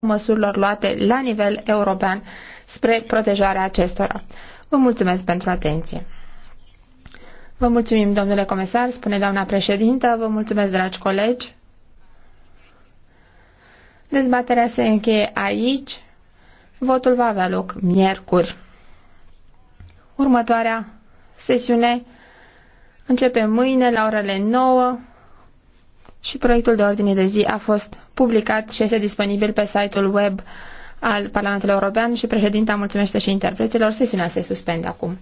măsurilor luate la nivel european spre protejarea acestora. Vă mulțumesc pentru atenție. Vă mulțumim, domnule comisar, spune doamna președintă, vă mulțumesc, dragi colegi. Dezbaterea se încheie aici. Votul va avea loc miercuri. Următoarea sesiune începe mâine la orele 9 și proiectul de ordine de zi a fost publicat și este disponibil pe site-ul web al Parlamentului European și președinta mulțumește și interpreților. Sesiunea se suspendă acum.